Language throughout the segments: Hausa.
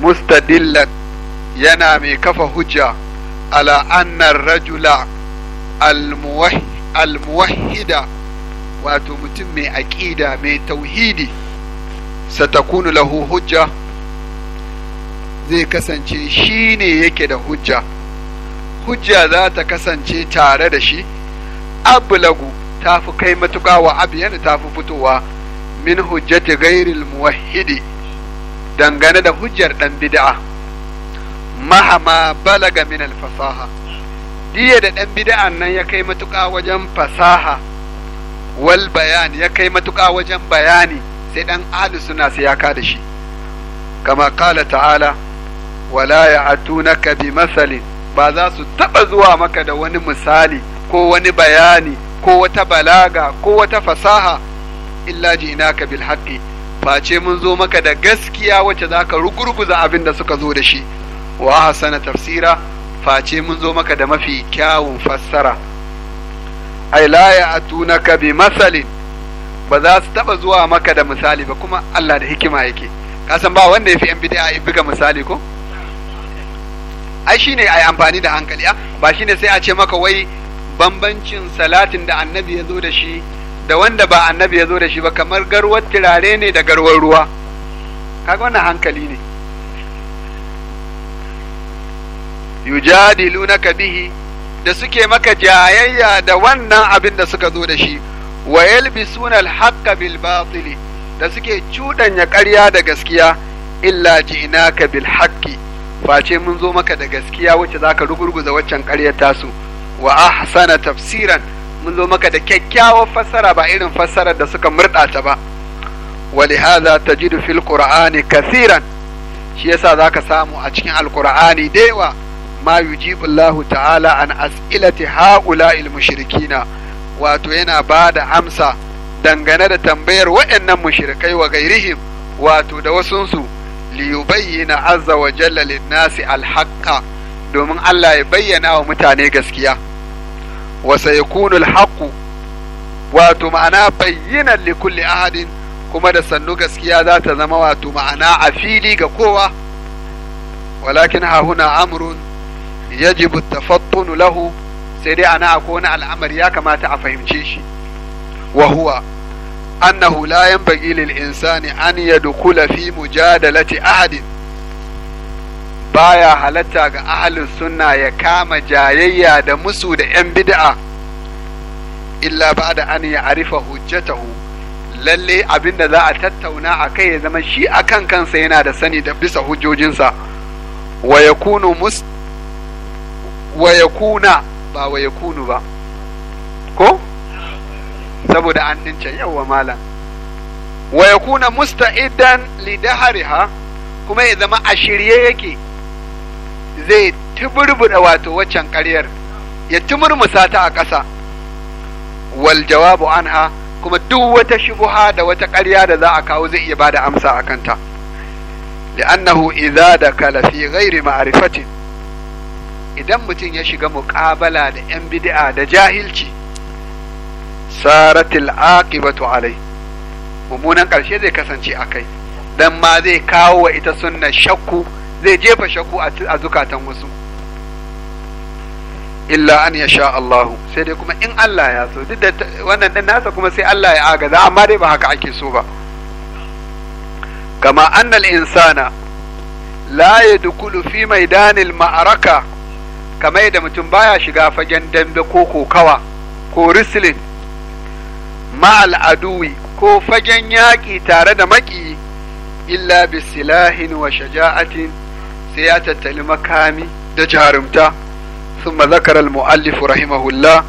mustadillan yana mai kafa hujja ala annar rajula almuwahida wato mutum mai aƙida mai tauhidi satakunu lahu hujja zai kasance shi ne yake da hujja hujja za ta kasance tare da shi ablagu ta fi kai matuƙa wa abiyana ta fi fitowa min hujjati gairil muwahidi dangane da hujjar ɗan bid'a mahama balaga min fasaha diya da ɗan bid'an nan ya kai matuƙa wajen fasaha wal bayani ya kai matuƙa wajen bayani sai ɗan adi suna sai ya da shi kama kala ta'ala wala na bi masali ba za su taɓa zuwa maka da wani misali ko wani bayani ko wata balaga ko wata fasaha illa ji'naka bil haƙƙi. face mun zo maka da gaskiya wacce za ka rugurguza abin da suka zo da shi wa hasana tafsira face mun zo maka da mafi kyawun fassara ai tuna ka bi masalin ba za su taba zuwa maka da misali ba kuma Allah da hikima yake kasan ba wanda yafi yan bid'a ya buga misali ko ai shine ai amfani da hankali ah, ba shine sai a ce maka wai bambancin salatin da annabi ya zo da shi da wanda ba annabi ya zo da shi ba kamar garwar tirare ne da garwar ruwa kaga wannan hankali ne yujadilunaka bihi da suke maka jayayya da wannan abin da suka zo da shi wa yalbisuna alhaqqa bil batili da suke cuɗanya ƙarya da gaskiya illa ji'naka bil haqqi face mun zo maka da gaskiya wacce zaka rugurguza waccan ƙaryar tasu wa ahsana tafsiran mun zo maka da kyakkyawar fassara ba irin fassarar da suka murɗa ta ba ولهذا تجد في القرآن كثيرا shi yasa za ka samu a cikin alkur'ani da yawa ma yujibu Allah ta'ala an as'ilati ha'ula'il mushrikina wato yana ba da amsa dangane da tambayar waɗannan mushrikai wa gairihim wato da wasunsu li yubayyana azza wa jalla lin-nasi al domin Allah ya bayyana wa mutane gaskiya wa sayakunul haqqu wato ma'ana bayyinan li kulli ahadin kuma da sannu gaskiya zata zama wato ma'ana a fili ga kowa walakin hahuna amrun yajibu tafattunu lahu sai dai ana akwai wani al'amari ya kamata a fahimce shi wa huwa annahu la yanbaghi lil insani an yadkhula fi mujadalati ahadin baya halatta ga ahalin sunna ya kama jayayya da musu da 'yan bid'a illa ba da an ya arifa hujjatahu lalle abin da za a tattauna a kai ya zama shi a kan kansa yana da sani da bisa hujjojinsa wa ya kuna ba wa ya kunu ba ko saboda an ɗince yawa malam wa ya kuna musta'idan lidahariha kuma ya zama a shirye yake zai tuburbuɗa wato waccan ƙaryar ya tumurmusa ta a ƙasa wal jawabu anha kuma duk wata shubuha da wata ƙarya da za a kawo zai iya bada amsa a kanta li'annahu idza dakala fi ghairi ma'rifati idan mutum ya shiga muƙabala da 'yan bid'a da jahilci saratil aqibatu alai mummunan ƙarshe zai kasance akai dan ma zai kawo wa ita sunna shakku zai jefa shakku a zukatan wasu illa an ya sha Allahu sai dai kuma in Allah ya so duk da wannan din nasa kuma sai Allah ya agaza amma dai ba haka ake so ba kama annal insana la yadkhulu fi maidanil ma'araka kamar yadda mutum baya shiga fagen dambe ko kokawa ko rislin ma'al aduwi ko fagen yaƙi tare da maƙi illa bisilahin wa shaja'atin sai ya tattali makami da jarumta ثم ذكر المؤلف رحمه الله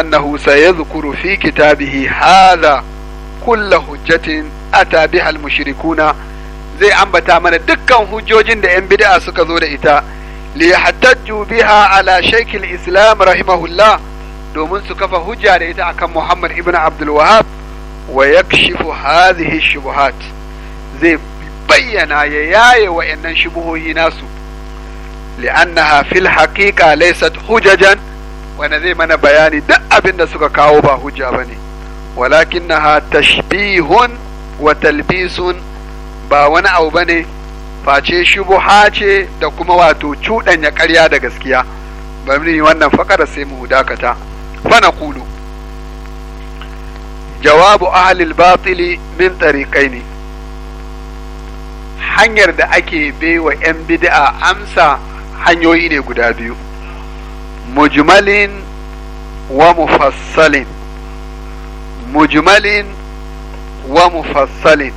أنه سيذكر في كتابه هذا كل حجة أتى بها المشركون zai ambata mana dukkan hujjojin da 'yan bid'a suka zo da ita li yahtajju biha ala shaykh islam rahimahullah domin su kafa hujja da ita akan Muhammad ibn Abdul Wahhab wa yakshifu hadhihi shubuhat zai bayyana ya yaye wayannan shubuhohi nasu li’an fil haƙiƙa laisat hujajan wani zai mana bayani duk abin da suka kawo ba hujja bane walakinnaha tashbihun wa talbisun ba wani abu ba ne face shubuha ce da kuma wato cuɗanya ƙarya da gaskiya yi wannan fakara sai mu dakata fana kulu jawabu ahalil batili min ne. hanyar da ake baiwa 'yan bid'a amsa hanyoyi ne guda biyu mujmalin wa mufassalin mujmalin wa mufassalin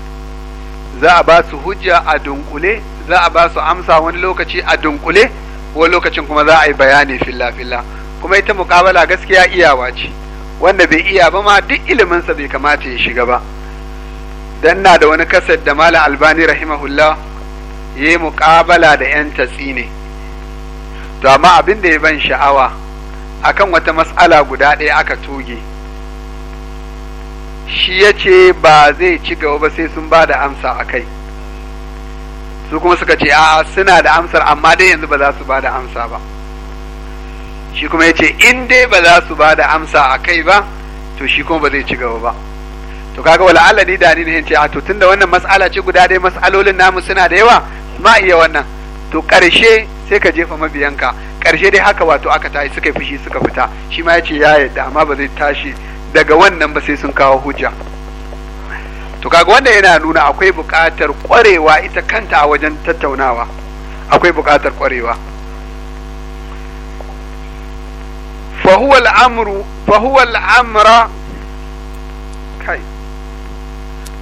za a ba su hujja a dunkule za a ba su amsa wani lokaci a dunkule ko lokacin kuma za a yi bayani filla-filla kuma ita muƙabala gaskiya iyawa ce wanda bai iya ba ma duk iliminsa bai kamata ya shiga ba dan na da wani kasar da malam albani rahimahullah ya yi muƙabala da 'yan tatsi ne to amma abin da ya ban sha'awa akan wata matsala guda ɗaya aka toge shi ya ce ba zai ci gaba ba sai sun ba da amsa a kai su kuma suka ce a suna da amsar amma dai yanzu ba za su ba da amsa ba shi kuma ya ce in dai ba za su ba da amsa a kai ba to shi kuma ba zai ci gaba ba to kaga wala Allah ni da ni ne ce a ah, to tunda wannan mas'ala ce guda dai mas'alolin namu suna da yawa ma iya wannan to karshe sai ka jefa mabiyanka karshe dai haka wato aka tashi suka fushi suka fita shi ma ya ce ya yadda amma ba zai tashi daga wannan ba sai sun kawo hujja to kaga wanda yana nuna akwai buƙatar ƙwarewa ita kanta a wajen tattaunawa akwai buƙatar ƙwarewa fa huwa al-amra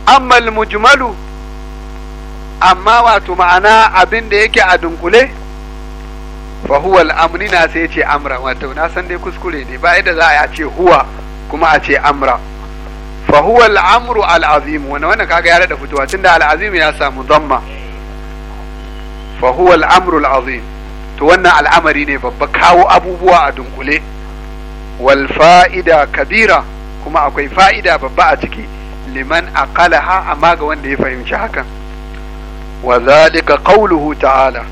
ammal mujmalu amma wato ma'ana abin da yake a dunkule fa huwa al'amri na sai ce amra wato na san dai kuskure ne ba yadda za a ce huwa kuma a ce amra fa huwa al'amru al'azim wannan wannan kaga ya da fitowa tunda al'azim ya samu dhamma fa huwa al'amru al'azim to wannan al'amari ne babba kawo abubuwa a dunkule wal fa'ida kabira kuma akwai fa'ida babba a ciki liman aqalaha amma ga wanda ya fahimci hakan wa zalika qawluhu ta'ala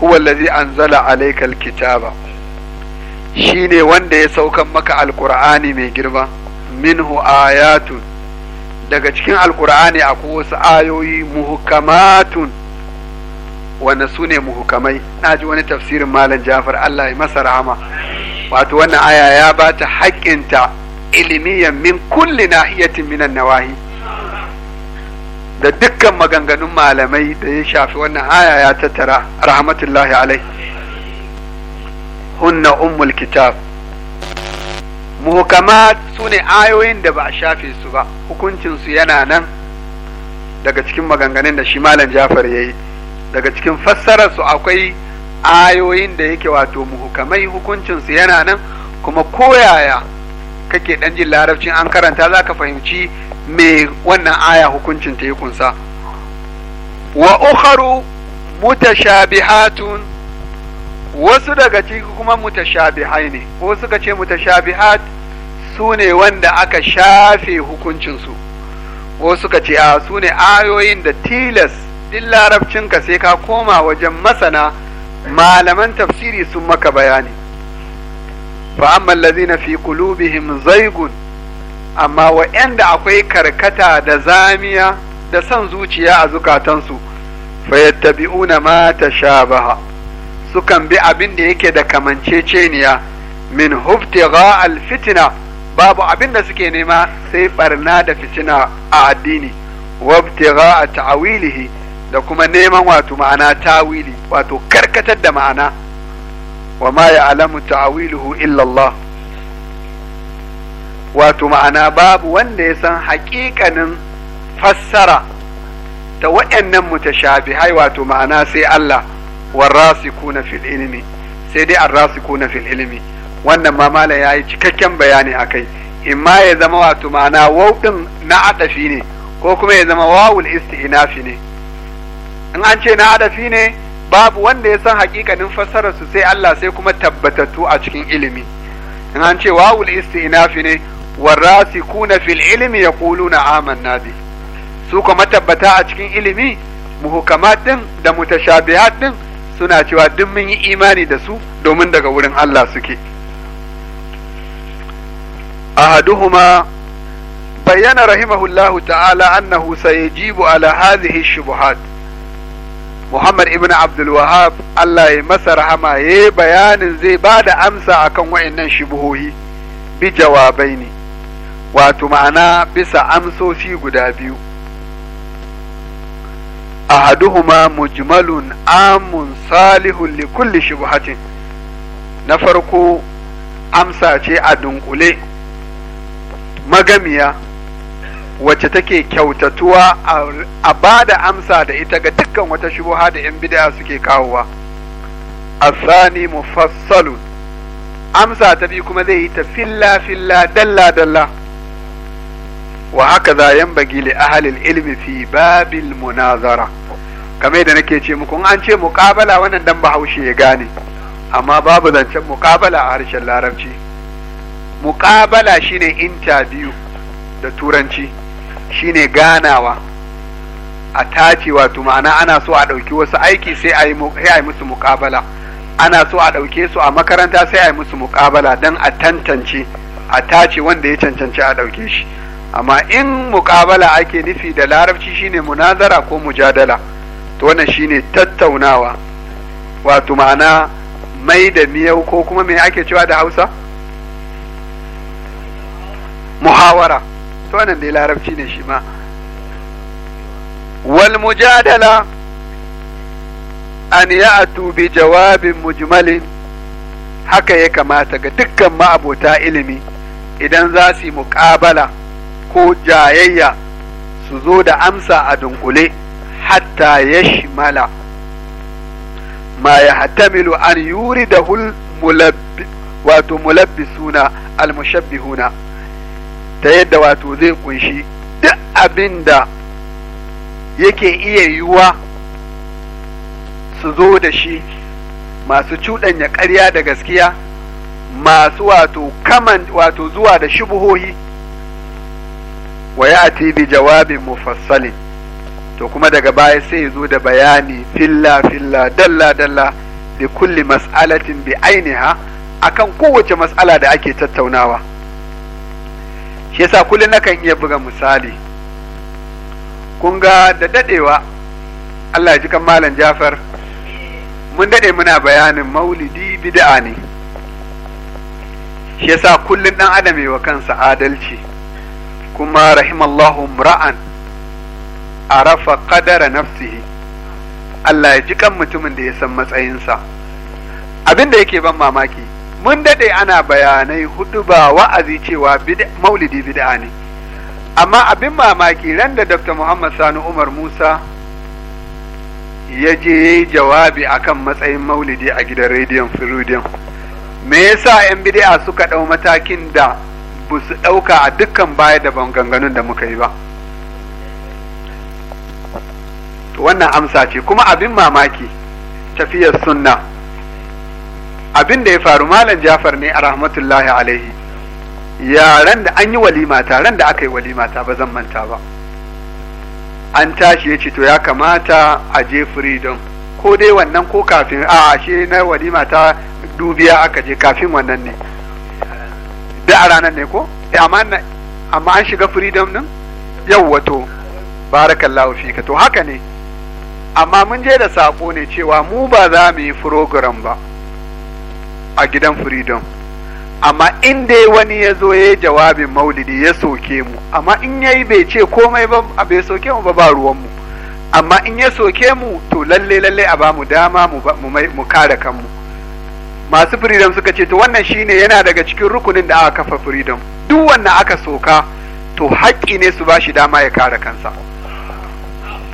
huwa allazi anzala alayka alkitaba shine wanda ya saukan maka alqur'ani mai girma minhu ayatun daga cikin alqur'ani akwai wasu ayoyi muhkamatun wanda su ne muhukamai na ji wani tafsirin malam jafar allah ya masa rahama wato wannan aya ya ba ta ilmiyan min kulli nahiyatin minan nawahi da dukkan maganganun malamai da ya shafi wannan aya ya tattara rahmatullahi alai hunna ummul kitab Muhukama su ne ayoyin da ba a shafe su ba hukuncinsu yana nan daga cikin maganganun da shi malam jafar ya yi daga cikin fassararsu akwai ayoyin da yake wato muhukamai hukuncinsu yana nan kuma koyaya kake dan jin larabcin an karanta za ka fahimci me wannan aya hukuncin ta yi kunsa wa ukharu mutashabihatun wasu daga ciki kuma mutashabihai ne ko suka ce mutashabihat su ne wanda aka shafe hukuncinsu ko suka ce a su ne ayoyin da tilas din larabcinka sai ka koma wajen masana malaman tafsiri sun maka bayani fa amma allazina fi qulubihim zaygun amma wa'anda akwai karkata da zamiya da son zuciya a zukatansu na mata tashabaha sukan bi abin da yake da kamanceceniya min hubtigha alfitna babu abin da suke nema sai ɓarna da fitina a addini wabtigha ta'wilihi da kuma neman wato ma'ana tawili wato karkatar da ma'ana wa ma ya alamu ta'awiluhu illallah wato ma'ana babu wanda ya san haƙiƙanin fassara ta waɗannan mutashabihai wato ma'ana sai Allah warasikuna fil ilmi sai dai arrasikuna fil ilmi wannan ma malam yayi cikakken bayani akai in ma ya zama wato ma'ana wawdin na adafi ne ko kuma ya zama wawul istinafi ne in an ce na adafi ne babu wanda ya san hakikanin fassararsu sai Allah sai kuma tabbatattu a cikin ilimi in an ce wawul isti'nafi ne warasikuna fil ilmi yaquluna amanna bi su kuma tabbata a cikin ilimi muhukamat din da mutashabihat din suna cewa duk mun yi imani da su domin daga wurin Allah suke ahaduhuma bayyana rahimahullahu ta'ala annahu sayajibu ala hadhihi shubuhat Muhammad ibn Abdul Wahab Allah ya masa rahama ya bayanin zai ba da amsa akan wa'annan shubuhohi bi jawabai ne wato ma'ana bisa amsoshi guda biyu ahaduhuma mujmalun amun salihun likulli kulli na farko amsa ce a dunkule magamiya wacce take kyautatuwa a ba da amsa da ita ga dukkan wata shubuha da 'yan bid'a suke kawowa asani mufassalun amsa ta biyu kuma zai yi ta filla filla dalla dalla wa haka za yan bagi li ahalil ilmi fi babil munazara kamar da nake ce muku an ce muƙabala wannan dan bahaushe ya gane amma babu zancen muƙabala a harshen larabci muƙabala shine interview da turanci shine ganawa a tace wato ma'ana ana so a ɗauki wasu aiki sai a yi musu muƙabala ana so a ɗauke su a makaranta sai a yi musu muƙabala don a tantance a tace wanda ya cancanci a ɗauke shi amma in muƙabala ake nufi da larabci shine munazara ko mujadala to wannan shine tattaunawa wato ma'ana mai da miyau ko kuma me ake cewa da hausa muhawara to wannan dai larabci ne shi ma wal mujadala an ya'tu bi jawabin mujmalin haka ya kamata ga dukkan ma'abota ilimi idan za su yi muƙabala ko jayayya su zo da amsa a dunkule hatta ya shimala ma ya hatamilu an yuri da mulabbi wato mulabbisuna mushabbihuna ta yadda wato zai kunshi duk abin da yake iya yiwuwa su zo da shi masu cuɗanya ƙarya da gaskiya masu wato kaman wato zuwa da shubuhohi wa ya bi jawabin mufassalin to kuma daga baya sai zo da bayani filla filla dalla dalla da kulli mas'alatin bi ainiha akan kowace mas'ala da ake tattaunawa shi yasa kullum nakan iya buga misali kun ga da dadewa Allah ya ji kan malam Jafar mun dade muna bayanin maulidi bid'a ne shi yasa kullum dan adam wa kansa adalci kuma rahimallahu mra'an arafa qadara nafsihi Allah ya ji kan mutumin da ya san matsayinsa abin da yake ban mamaki mun daɗe ana bayanai hudu ba wa'azi cewa maulidi bid'a ne amma abin mamaki ran da dr muhammad sani umar musa ya je ya yi jawabi akan matsayin maulidi a gidan rediyon firidiyon me yasa 'yan bid'a suka ɗau matakin da ba su ɗauka a dukkan baya da ganganun da muka yi ba wannan amsa ce kuma abin mamaki tafiyar sunna abin da ya faru malam jafar ne a rahmatullahi alaihi yaran da an yi walima ta ran da aka yi walima ta ba zan manta ba an tashi ya ce to ya kamata a je freedom ko dai wannan ko kafin a ashe na walima ta dubiya aka je kafin wannan ne da a ranar ne ko eh, amma an shiga freedom nin? yau wato fi ka to haka ne amma mun je da sako ne cewa mu ba za mu yi program ba a gidan freedom amma in dai wani ya zo ya yi jawabin maulidi ya soke mu amma in ya yi bai ce komai ba a bai soke mu ba ba ruwanmu amma in ya soke mu to lalle lalle a bamu dama mu kare kanmu masu freedom suka ce to wannan shine yana daga cikin rukunin da aka kafa freedom duk wannan aka soka to haƙƙi ne su bashi dama ya kare kansa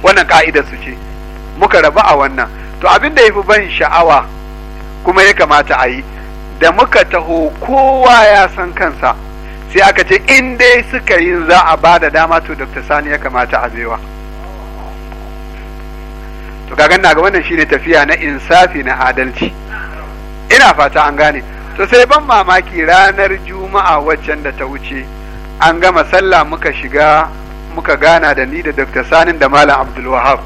wannan ka'idar su ce muka rabu a wannan to abin da ya fi ban sha'awa kuma ya kamata a yi da muka taho kowa ya san kansa sai aka ce in dai suka yi za a ba da dama to dr sani ya kamata a zewa to ga ga wannan shine tafiya na insafi na adalci ina fata an gane to sai ban mamaki ranar juma'a waccan da ta wuce an gama sallah muka shiga muka gana da ni da dr sanin da malam abdulwahab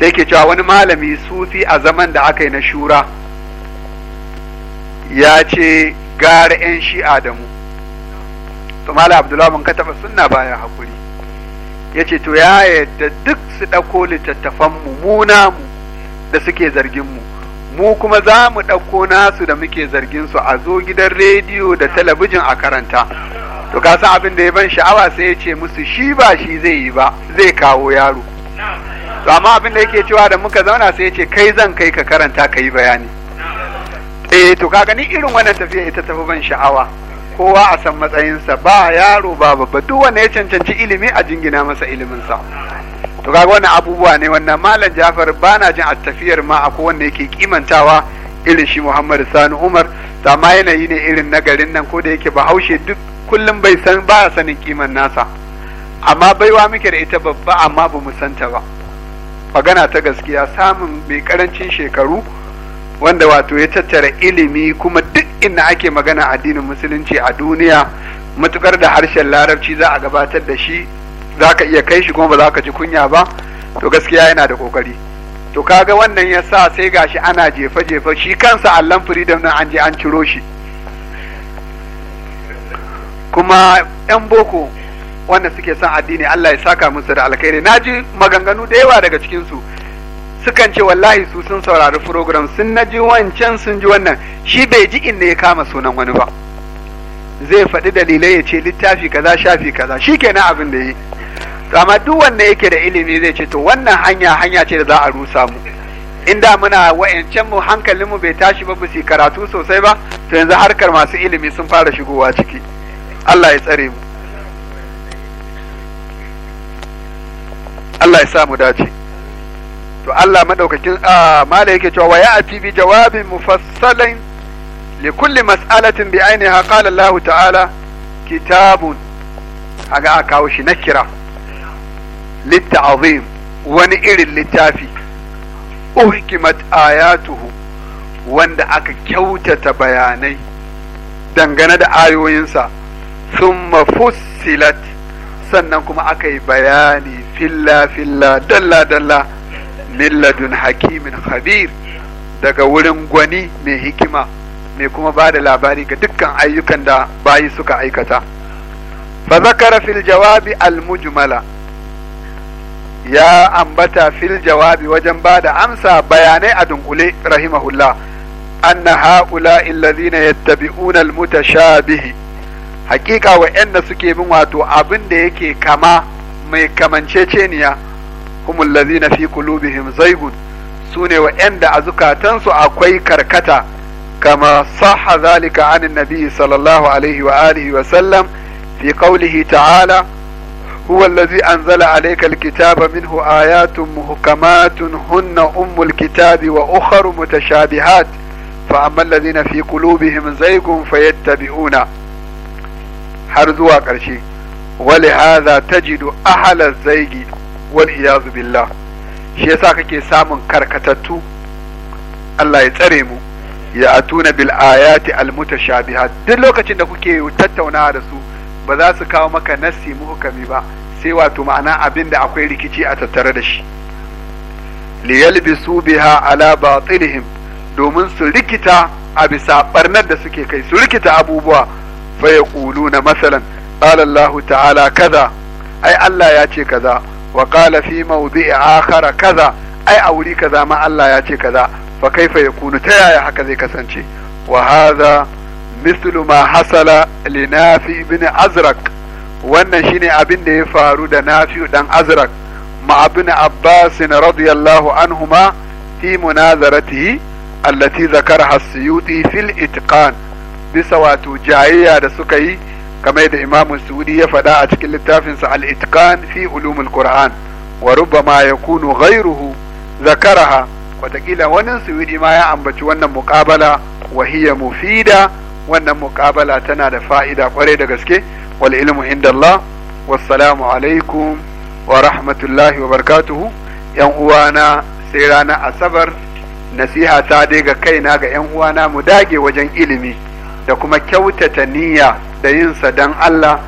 sai ke cewa wani malami sufi a zaman da aka yi na shura ya ce gara 'yan shi'a da mu to mala abdullahi mun ka taba sunna baya hakuri ya ce to ya yadda duk su ɗauko littattafan mu mu da suke zargin mu mu kuma za mu ɗauko nasu da muke zargin su a zo gidan rediyo da talabijin a karanta to ka san abin da ya ban sha'awa sai ya ce musu shi ba shi zai yi ba zai kawo yaro to amma abin da yake cewa da muka zauna sai ya ce kai zan kai ka karanta ka yi bayani eh to kaga ni irin wannan tafiya ita tafi ban sha'awa kowa a san matsayinsa ba yaro ba babba duk wanda ya cancanci ilimi a jingina masa iliminsa to kaga wannan abubuwa ne wannan malam Jafar bana jin a tafiyar ma akwai wanda yake kimantawa irin shi Muhammad Sani Umar ta ma yanayi ne irin na garin nan ko da yake Bahaushe duk kullum bai san ba sanin kiman nasa amma baiwa muke da ita babba amma ba mu ta ba magana ta gaskiya samun mai karancin shekaru wanda wato ya tattara ilimi kuma duk inda ake magana addinin musulunci a duniya matukar da harshen larabci za a gabatar da shi za ka iya kai shi kuma ba za ka ji kunya ba to gaskiya yana da kokari to kaga wannan ya sa sai gashi ana jefa-jefa shi kansa allon freedom nan an je an ciro shi kuma 'yan boko wanda suke son addini Allah ya saka musu da alkhairi na ji maganganu da yawa daga cikinsu sukan ce wallahi su sun saurari program sun na ji wancan sun ji wannan shi bai ji inda ya kama sunan wani ba zai faɗi dalilai ya ce littafi kaza shafi kaza shi kenan abin da yi to amma duk wanda yake da ilimi zai ce to wannan hanya hanya ce da za a rusa mu inda muna wa'ancan mu hankalin mu bai tashi ba su karatu sosai ba to yanzu harkar masu ilimi sun fara shigowa ciki Allah ya tsare mu Allah ya sa mu dace to Allah madaukakin mala yake cewa wa a bi jawabin mufassalin li kulli mas'alatin bi ainiha qala Allah ta'ala kitabun aga a kawo shi na kira litta'azim wani irin littafi uhkimat ayatuhu wanda aka kyautata bayanai dangane da ayoyinsa thumma fussilat sannan kuma aka yi bayani filla filla dalla dalla milladun hakimin khabir daga wurin gwani mai hikima mai kuma ba da labari ga dukkan ayyukan da bayi suka aikata fa zakara fil jawabi al mujmala ya ambata fil jawabi wajen ba da amsa bayanai a dunkule rahimahullah anna haula alladhina yattabi'una al mutashabihi hakika wa'anda suke bin wato abin da yake kama mai kamanceceniya هم الذين في قلوبهم زيغ سوني وعند أزكاتن أكوي كركتا كما صح ذلك عن النبي صلى الله عليه وآله وسلم في قوله تعالى هو الذي أنزل عليك الكتاب منه آيات محكمات هن أم الكتاب وأخر متشابهات فأما الذين في قلوبهم زيغ فيتبعون حرزوا قرشي ولهذا تجد أهل الزيغ wal iyazu billah shi yasa kake samun karkatattu Allah ya tsare mu ya atuna bil ayati al duk lokacin da kuke tattaunawa da su ba za su kawo maka nassi muhkami ba sai wato ma'ana abin da akwai rikici a tattare da shi liyalbisu biha ala batilihim domin su rikita a bisa barnar da suke kai su rikita abubuwa fa yaquluna masalan qala Allah ta'ala kaza ai Allah ya ce kaza wa qala fi mawdi'i kaza ai a wuri kaza ma Allah ya ce kaza fa kaifa yakunu ta yaya haka zai kasance wa hadha mislu ma hasala li nafi ibn azraq wannan shine abin da ya faru da nafi dan azraq ma ibn abbas radiyallahu ma fi munazaratihi allati zakaraha as-suyuti fil itqan bisa wato jayayya da suka yi kamar da Imam Sudi ya faɗa a cikin littafinsa Al-Itqan fi ulumul Qur'an wa rubbama zakaraha watakila wani Sudi ma ya ambaci wannan mukabala wa hiya mufida wannan mukabala tana da fa'ida kwarai da gaske wal ilmu inda Allah wassalamu alaikum wa rahmatullahi wa barakatuhu yan uwana sai rana asabar nasiha ta dai ga kaina ga yan uwana mu dage wajen ilimi da kuma kyautata niyya da yin sa dan Allah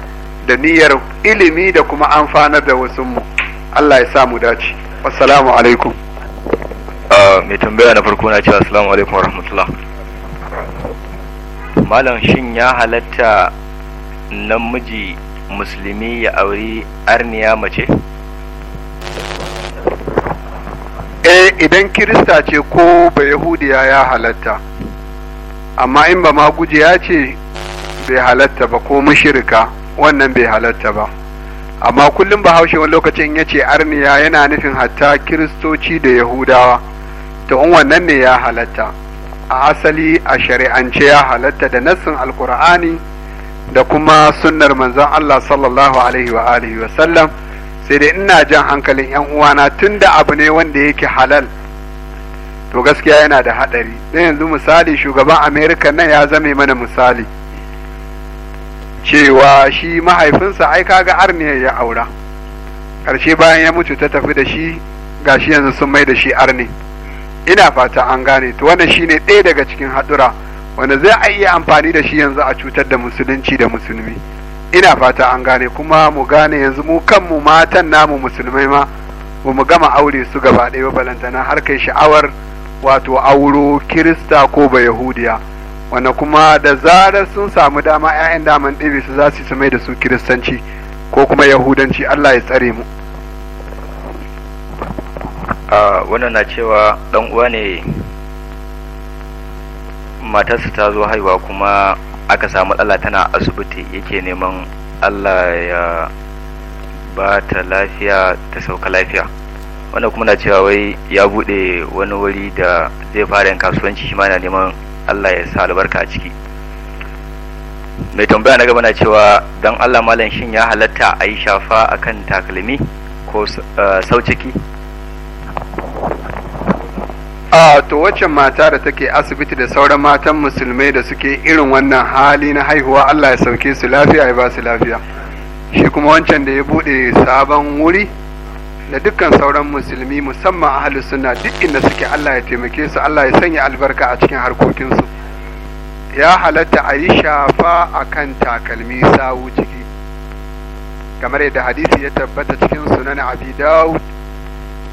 da niyyar ilimi da kuma amfanar da wasu mu Allah ya samu dace assalamu alaikum ah, mai tambaya na farko na ce assalamu alaikum rahmatullah malam shin ya halatta namiji musulmi ya auri arniya mace eh idan kirista ce ko ba yahudiya ya halatta amma in ba ma ya ce bai halatta ba ko mushirika wannan bai halatta ba amma kullum bahaushe wani lokacin ya ce arniya yana nufin hatta kiristoci da yahudawa ta in wannan ne ya halatta a asali a shari'ance ya halatta da nassin alkur'ani da kuma sunnar manzon Allah sallallahu alaihi wa alihi wa sallam sai dai ina jan hankalin yan uwana tunda abu ne wanda yake halal to gaskiya yana da haɗari. yanzu misali shugaban Amerika nan ya zame mana misali cewa shi mahaifinsa ai kaga arne ya aura ƙarshe bayan ya mutu ta tafi da shi ga shi yanzu sun mai da shi arne ina fata an gane to wannan shi ne ɗaya daga cikin haɗura wanda zai a iya amfani da shi yanzu a cutar da musulunci da musulmi ina fata an gane kuma mu gane yanzu mu kanmu matan namu musulmai ma ba mu gama aure su gaba ɗaya ba balantana har kai sha'awar wato auro kirista ko ba yahudiya wanda kuma da zarar sun samu dama 'ya'yan daman ɗebe su za su su mai da su kiristanci ko kuma yahudanci Allah ya tsare mu wannan na cewa ɗan uwa ne matarsa ta zo haihuwa kuma aka samu tsalla tana asibiti yake neman Allah ya ba ta lafiya ta sauka lafiya wannan kuma na cewa wai ya buɗe wani wuri da zai fara yin kasuwanci shi ma na neman Allah ya sa albarka a ciki mai tambaya na gaba na cewa don Allah malam shin ya halatta a yi shafa a kan takalmi ko eh, ciki a to wacce mata da take asibiti da sauran matan musulmai da suke irin wannan hali na haihuwa Allah ya sauke su lafiya ya ba su lafiya shi kuma wancan da ya bude sabon wuri da dukkan sauran musulmi musamman ahli sunna duk inda suke Allah ya taimake su Allah ya sanya albarka a cikin harkokinsu ya halatta a yi shafa a kan takalmi sawu ciki kamar yadda hadisi ya tabbata cikin sunan abi dawud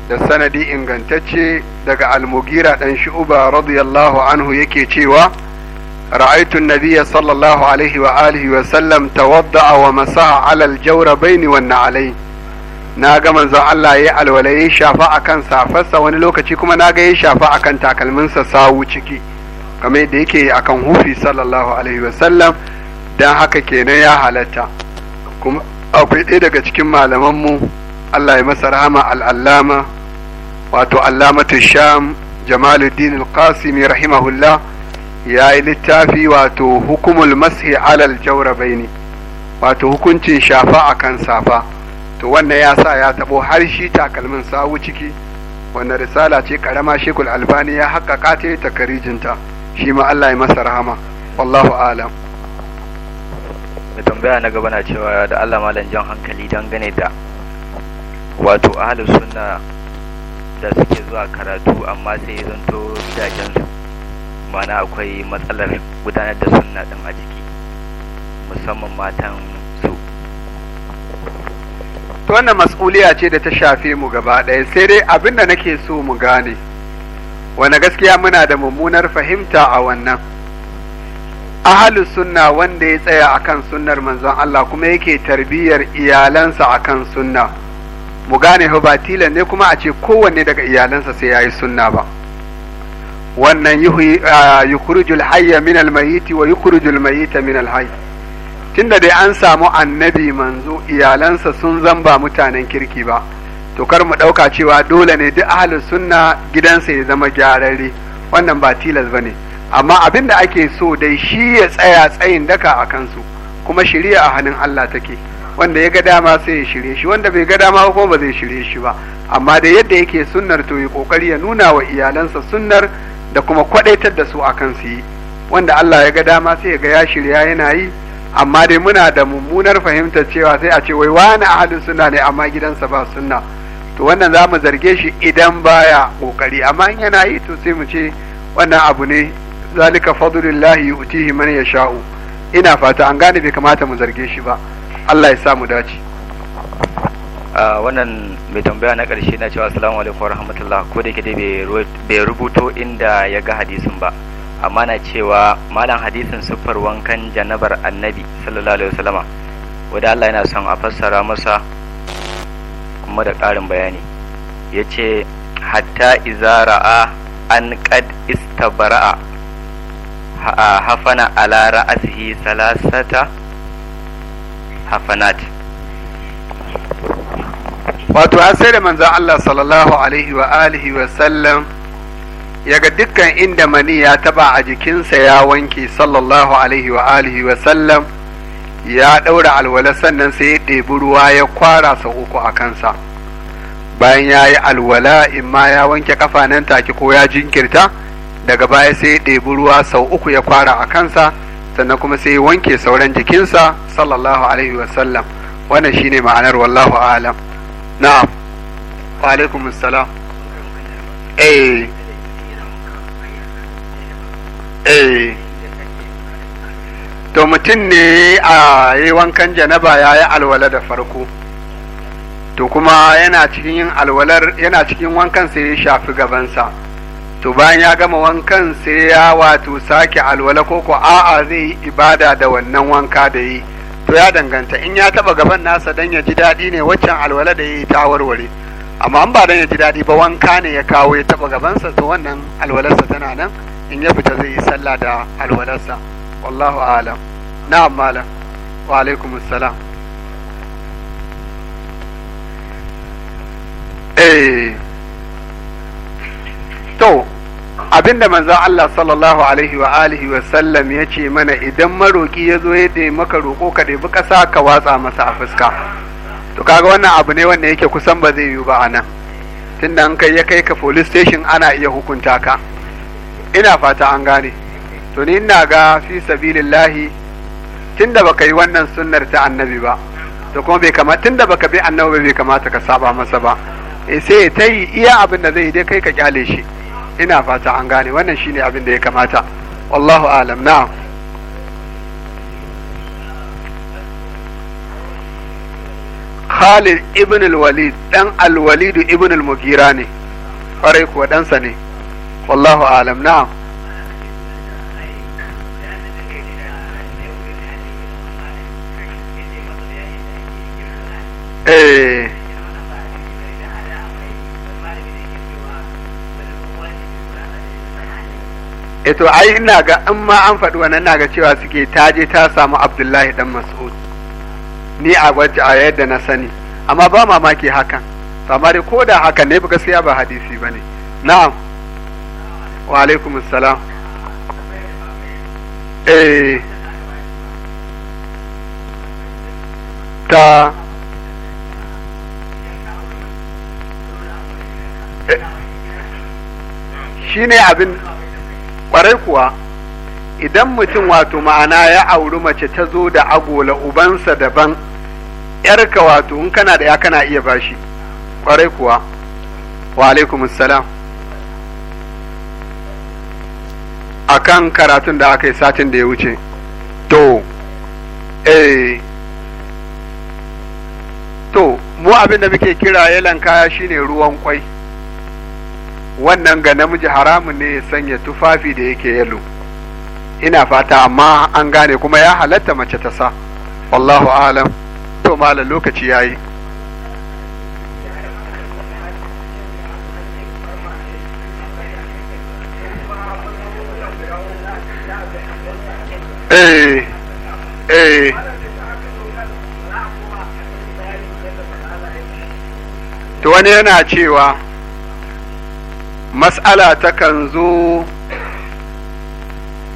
da sanadi ingantacce daga almugira dan shu'uba radiyallahu anhu yake cewa رأيت النبي صلى الله عليه وآله وسلم توضأ ومسح على الجوربين والنعلين na ga manzon Allah ya alwala ya shafa a kan safarsa wani lokaci kuma na ga ya shafa a kan takalminsa sawu ciki kamar da yake kan hufi sallallahu alaihi wasallam don haka kenan ya halatta kuma akwai ɗaya daga cikin malamanmu Allah ya masa rahama al'allama wato allamatu sham jamaluddin al-qasimi rahimahullah ya yi littafi wato hukumul mashi alal ne, wato hukuncin shafa akan safa to wannan ya sa ya tabo har shi takalmin sawu ciki wannan risala ce karama shekul albani ya haƙaƙa ta yi takarijinta shi ma Allah ya masa rahama wallahu alam da tambaya na gaba na cewa da Allah malam jan hankali dangane da wato ahalus sunna da suke zuwa karatu amma sai ya zanto gidajensu mana akwai matsalar gudanar da sunna din a jiki musamman matan to wannan mas'uliya ce da ta shafe mu gaba ɗaya sai dai abin da nake so mu gane wani gaskiya muna da mummunar fahimta a wannan ahalus sunna wanda ya tsaya akan sunnar manzon Allah kuma yake tarbiyyar iyalansa akan sunna mu gane ba tilan ne kuma a ce kowanne daga iyalansa sai yayi sunna ba wannan ah, yukhrijul hayya min al wa yukhrijul mayyita min al-hayy tunda dai an samu annabi manzo iyalansa sun zamba mutanen kirki ba to kar mu ɗauka cewa dole ne duk ahalin sunna gidansa ya zama gyararre wannan ba tilas ba ne amma abin da ake so dai shi ya tsaya tsayin daka a kansu kuma shirya a hannun Allah take wanda ya ga dama sai ya shirye shi wanda bai ga dama kuma ba zai shirye shi ba amma da yadda yake sunnar to yi kokari ya nuna wa iyalansa sunnar da kuma kwadaitar da su a su yi wanda Allah ya ga dama sai ya ga ya shirya yana yi amma dai muna da mummunar fahimtar cewa sai a ce wai wani ahalin sunna ne amma gidansa ba sunna to wannan za mu zarge shi idan baya kokari amma in yana yi to sai mu ce wannan abu ne zalika fadlullahi yu'tihi man yasha'u ina fata an gane bai kamata mu zarge shi ba Allah ya sa mu dace wannan mai tambaya na karshe na cewa assalamu alaikum ko da yake dai bai rubuto inda ya ga hadisin ba amma na cewa malam hadisin siffar wankan janabar annabi sallallahu alaihi wasallam wanda Allah yana son a fassara masa kuma da ƙarin bayani ya ce hatta izara'a an qad istabara'a hafana ala ra'sihi salasata hafanat wato an sai da manzon Allah sallallahu alaihi wa alihi wa sallam yaga dukkan inda mani ya taba a jikinsa ya wanke sallallahu alaihi wa alihi wa sallam ya ɗaura alwala sannan sai ya ɗebi ruwa ya kwara sau uku a kansa bayan ya yi alwala in ma ya wanke kafa nan take ko ya jinkirta daga baya sai ya ɗebi ruwa sau uku ya kwara a kansa sannan kuma sai ya wanke sauran jikinsa sallallahu alaihi wa sallam wannan shine ma'anar wallahu alam na'am wa alaikumus salam eh eh to mutum ne a yi wankan janaba ya yi alwala da farko to kuma yana cikin yin alwalar yana cikin wankan sai ya shafi gabansa to bayan ya gama wankan sai ya wato sake alwala ko ko a'a zai yi ibada da wannan wanka da yi to ya danganta in ya taba gaban nasa dan ya ji daɗi ne waccan alwala da ya yi ta warware amma an ba dan ya ji daɗi ba wanka ne ya kawo ya taba gabansa to wannan alwalarsa tana nan in ya fita zai yi sallah da alwalarsa wallahu alam na'am malam wa alaikum assalam eh to abinda manzon Allah sallallahu alaihi wa alihi wa sallam ya ce mana idan maroki ya zo yadda maka roƙo ka debi ƙasa ka watsa masa a fuska to kaga wannan abu ne wanda yake kusan ba zai yiwu ba a nan tunda an kai ya kai ka police station ana iya hukunta ka ina fata an gane to ni ina ga fi sabilillahi tunda baka yi wannan sunnar ta annabi ba to kuma bai kamata tunda baka bi annabi bai kamata ka saba masa ba eh sai ta yi iya abin da zai dai kai ka kyale shi ina fata an gane wannan shine abin da ya kamata wallahu alam na'am Khalid ibn al-Walid dan al-Walid ibn al-Mughira ne kwarai kuwa dansa ne wallahu alam na'am eh to ai ina ga in ma an faɗi wannan ina ga cewa suke ta je ta samu abdullahi dan mas'ud ni a wacce a yadda na sani amma ba mamaki hakan samari ko da haka ne ba gaskiya ba hadisi ba ne na'am wa alaikum salam eh ta eh. shi ne abin kwarai kuwa idan mutum wato ma'ana ya auri mace ta zo da agola ubansa daban yarka wato in kana da ya kana iya bashi kwarai kuwa wa alaikum salam akan karatun da aka yi satin da ya wuce to eh to mu abin da muke kira yalan kaya shine ruwan kwai wannan ga namiji haramun ne ya sanya tufafi da yake yalo ina fata amma an gane kuma ya halatta mace ta sa wallahu alam to malam lokaci yayi eh eh wani yana cewa mas'ala takan zo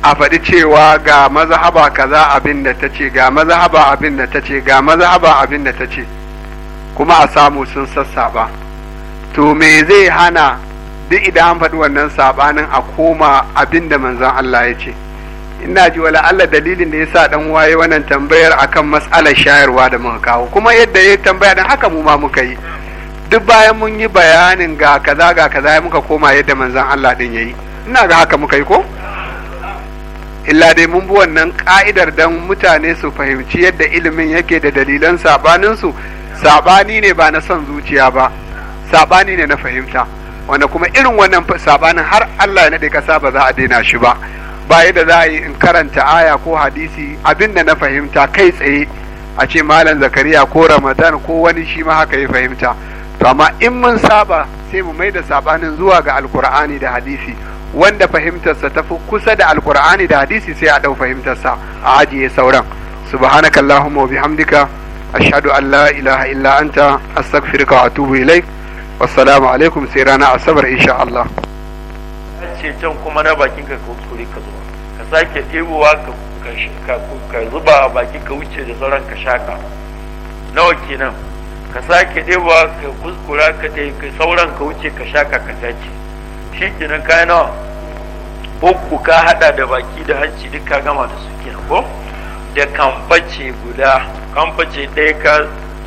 a faɗi cewa ga mazhaba kaza abin da ta ce ga mazhaba abin da ta ce ga mazhaba abin da ta ce kuma a samu sun sassaba to me zai hana duk idan an faɗi wannan saɓanin a koma abin da manzon Allah ya ce ina ji wala Allah dalilin da sa dan waye wannan tambayar akan mas'alar shayarwa da muka kawo kuma yadda ya tambaya dan haka mu ma muka yi duk bayan mun yi bayanin ga kaza ga kaza muka koma yadda manzon Allah din yayi ina ga haka muka yi ko illa dai mun bi wannan ka'idar dan mutane su fahimci yadda ilimin yake da dalilan sabanin su sabani ne ba na son zuciya ba sabani ne na fahimta wanda kuma irin wannan sabanin har Allah ya nade kasa ba za a daina shi ba ba yadda za a yi in karanta aya ko hadisi abin da na fahimta kai tsaye a ce malam zakariya ko ramadan ko wani shi ma haka ya fahimta to amma in mun saba sai mu mai da sabanin zuwa ga alkur'ani da hadisi wanda fahimtarsa ta fi kusa da alkur'ani da hadisi sai a dau fahimtarsa a ajiye sauran subhanaka allahumma wa bihamdika ashhadu an la ilaha illa anta astaghfiruka wa atubu ilaik wassalamu alaikum sai rana asabar insha Allah ce can kuma na bakin ka kuskure ka zuba ka sake ɗebowa ka zuba a baki ka wuce da sauran ka shaka nawa kenan ka sake ɗebowa ka kuskura ka ka sauran ka wuce ka shaka ka tace shi kenan ka nawa uku ka hada da baki da hanci duk ka gama da su kenan ko da kamface guda kamface ɗaya ka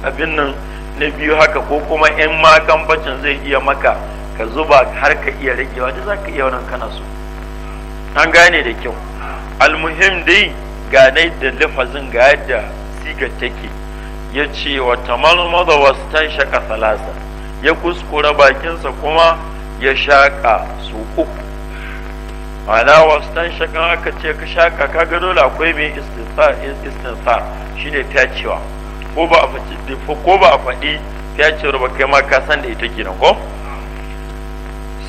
abin nan na biyu haka ko kuma in ma kamfacin zai iya maka ka zuba har ka iya ragewa da za ka iya wannan kana so an gane da kyau almuhim dai ganai da lafazin ga yadda sigar take ya ce wa tamalmada wasu ta shaka salasa ya kuskura bakinsa kuma ya shaƙa su uku ma'ana wasu ta shaka aka ce ka shaƙa ka ga dole akwai mai ne shine fyacewa ko ba a faɗi cewa ba kai ma ka san da ita ko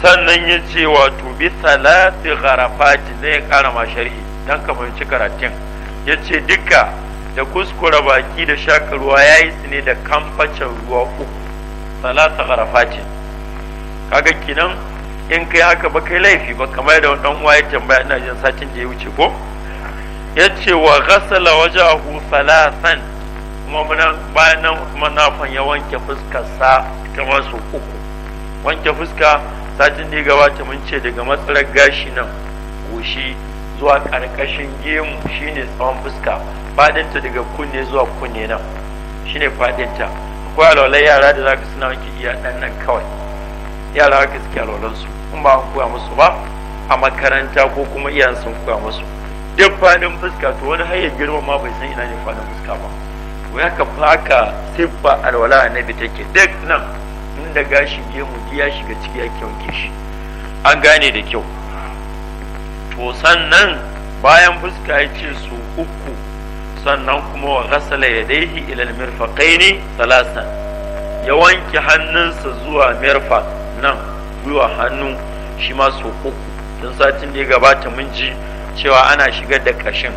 sannan ya ce wato bi salati gharafati zai kara ma sharhi dan ka fahimci karatun ya ce duka da kuskura baki da shaka ruwa ya yi su ne da kamfacin ruwa uku salati gharafati kaga kinan in kai haka ba kai laifi ba kamar da wani uwa ya tambaya ina jin satin da ya wuce ko ya ce wa ghasala wajahu salasan kuma muna bayan nan manafan ya wanke fuskarsa kamar su uku wanke fuska satin da ya gabata mun ce daga matsalar gashi nan goshi zuwa ƙarƙashin gemu shine tsawon fuska faɗinta daga kunne zuwa kunne nan shine faɗinta akwai alwalai yara da zaka suna wanke iya ɗan nan kawai yara haka suke su in ba an koya musu ba a makaranta ko kuma iyayen sun koya musu duk fadin fuska to wani ya girma ma bai san ina ne fadin fuska ba to ya ka faka siffa alwala annabi take duk nan tun da gashin gemu ya shiga ciki ya wanke shi an gane da kyau to sannan bayan fuska ya ce su uku sannan kuma wa ghasala yadayhi ila al ne ya wanke hannunsa zuwa mirfa nan gwiwa hannu shi ma su uku tun satin da ya gabata mun ji cewa ana shiga da kashin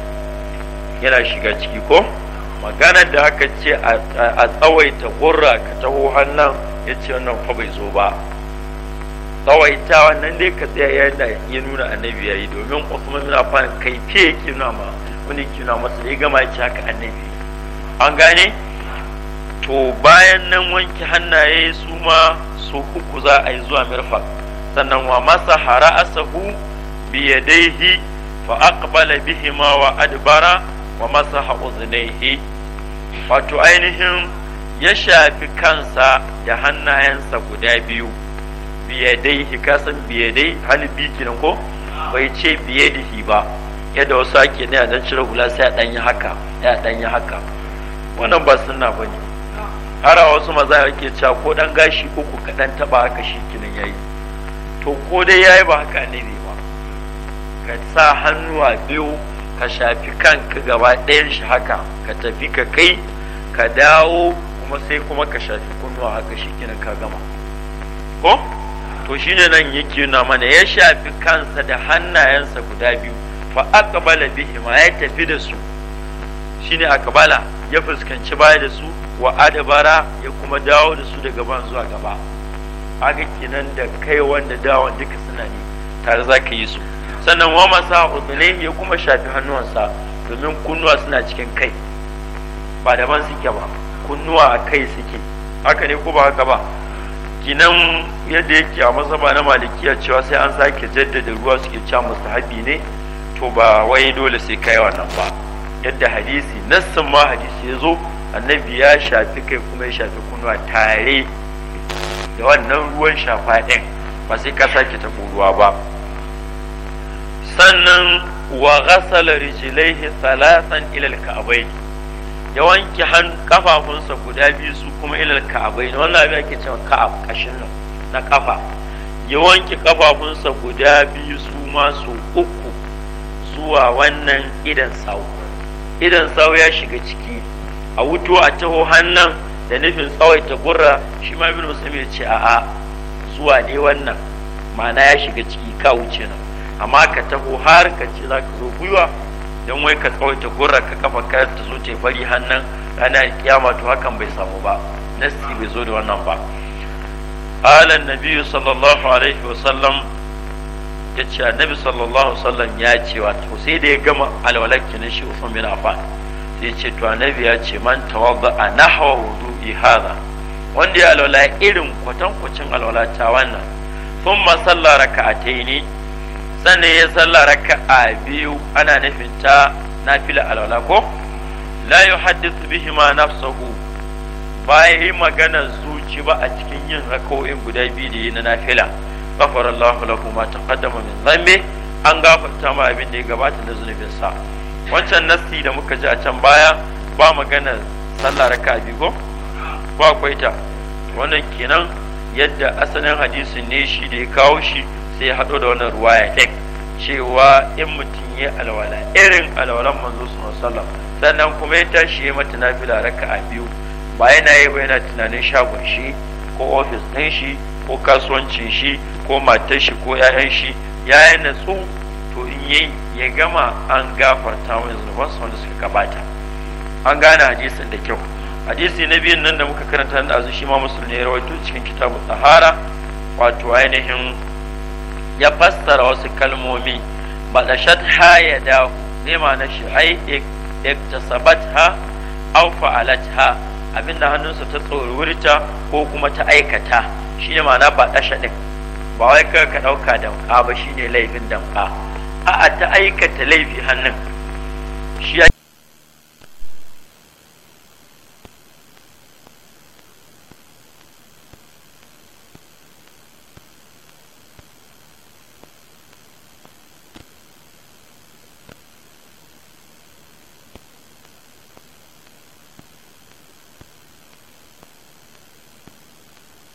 yana shiga ciki ko maganar da aka ce a tsawaita gurra ka taho hannun ya ce wannan fa bai zo ba tsawaita wannan dai ka tsaya da ya nuna annabi yayi domin usman bin affan kai ce yake nuna ma wani ke nuna masa ya gama yake haka annabi an gane to bayan nan wanke hannaye su ma su uku za a yi zuwa mirfa sannan wa masa hara asahu hi fa aqbala bihima wa adbara wa masaha uzunaihi wato ainihin ya shafi kansa da hannayensa guda biyu dai biyadaihi kasan dai, hali bi kenan ko bai ce da biyadihi ba yadda wasu ake ne a dan cire hula sai a dan yi haka ya dan yi haka wannan ba sunna ne har a wasu maza yake cewa ko dan gashi uku kaɗan taba haka shi ya yayi to ko dai yayi ba haka ne ba ka sa hannuwa biyu ka shafi kanka gaba ɗayan shi haka ka tafi ka kai ka dawo kuma sai kuma ka shafi kunnuwa haka shi kinan ka gama ko to shine nan yake na mana ya shafi kansa da hannayensa guda biyu fa aqbala ma ya tafi da su shine aqbala ya fuskanci baya da su wa adabara ya kuma dawo da su daga ban zuwa gaba haka kinan da kai wanda dawon duka suna ne tare za ka yi su sannan wa masa ya kuma shafi hannuwansa domin kunnuwa suna cikin kai ba daban suke ba kunnuwa a kai suke haka ne ko ba haka ba kinan yadda yake a masaba na malikiya cewa sai an sake jaddada ruwa suke cewa mustahabi ne to ba wai dole sai kai wannan ba yadda hadisi nassan ma hadisi ya zo annabi ya shafi kai kuma ya shafi kunnuwa tare da wannan ruwan shafa ɗin ba sai ka sake taɓo ruwa ba sannan wa ghasala rijlaihi salatan ila al-ka'bayn ya wanke han kafafunsa guda biyu su kuma ilal ka'abai na wannan abin ake cewa ka'ab kashin nan na kafa ya wanke kafafunsa guda biyu su ma su uku zuwa wannan idan sau idan sau ya shiga ciki a wuto a taho hannan da nufin tsawaita gurra shi ma bin musulmi ya ce a'a zuwa ne wannan ma'ana ya shiga ciki ka wuce nan amma ka taho har ka ce za ka zo gwiwa don wai ka tsawaita gora ka kafa kayar ta so ce fari hannun ranar kiyama to hakan bai samu ba nasti bai zo da wannan ba alan nabiyu sallallahu alaihi sallam ya ce annabi sallallahu sallam ya ce wato sai da ya gama alwalar kinin shi usman bin affan sai ce to annabi ya ce man tawadda a wudu wudu'i hada wanda ya alwala irin kwatankwacin alwala ta wannan thumma salla raka'ataini sannan ya sallaraka a biyu ana nufin ta nafila alwala ko la bihi ma nafsuhu ba yi magana zuci ba a cikin yin raka'o'in guda biyu da yi na nafila ghafara Allahu lahu ma min zambe an gafarta ma abin da ya gabata da zunubinsa wancan nasti da muka ji a can baya ba magana sallah raka'a biyu ko ba akwai wannan kenan yadda asalin hadisin ne shi da ya kawo shi sai ya haɗo da wannan ruwaya ɗin cewa in mutum ya alwala irin alwalan manzo sallam sannan kuma ya tashi ya mata na laraka a biyu ba yana yi ba yana tunanin shagon shi ko ofis ɗin shi ko kasuwancin shi ko matar shi ko 'ya'yan shi ya natsu to in yi ya gama an gafarta wani su wanda suka gabata an gane hadisin da kyau hadisi na biyun nan da muka karanta da azu shi ma musulmi ya rawaito cikin kitabu tsahara wato ainihin ya fassara wasu kalmomi ba badashat ha ya dahu zai na shi ai iktasabat ha au fa'alat ha da hannunsa ta tsorurta ko kuma ta aikata shine ma'ana ɗasha ɗin? ba wai kawai ka ɗauka damƙa ba shine laifin damƙa a'a ta aikata laifi hannun shi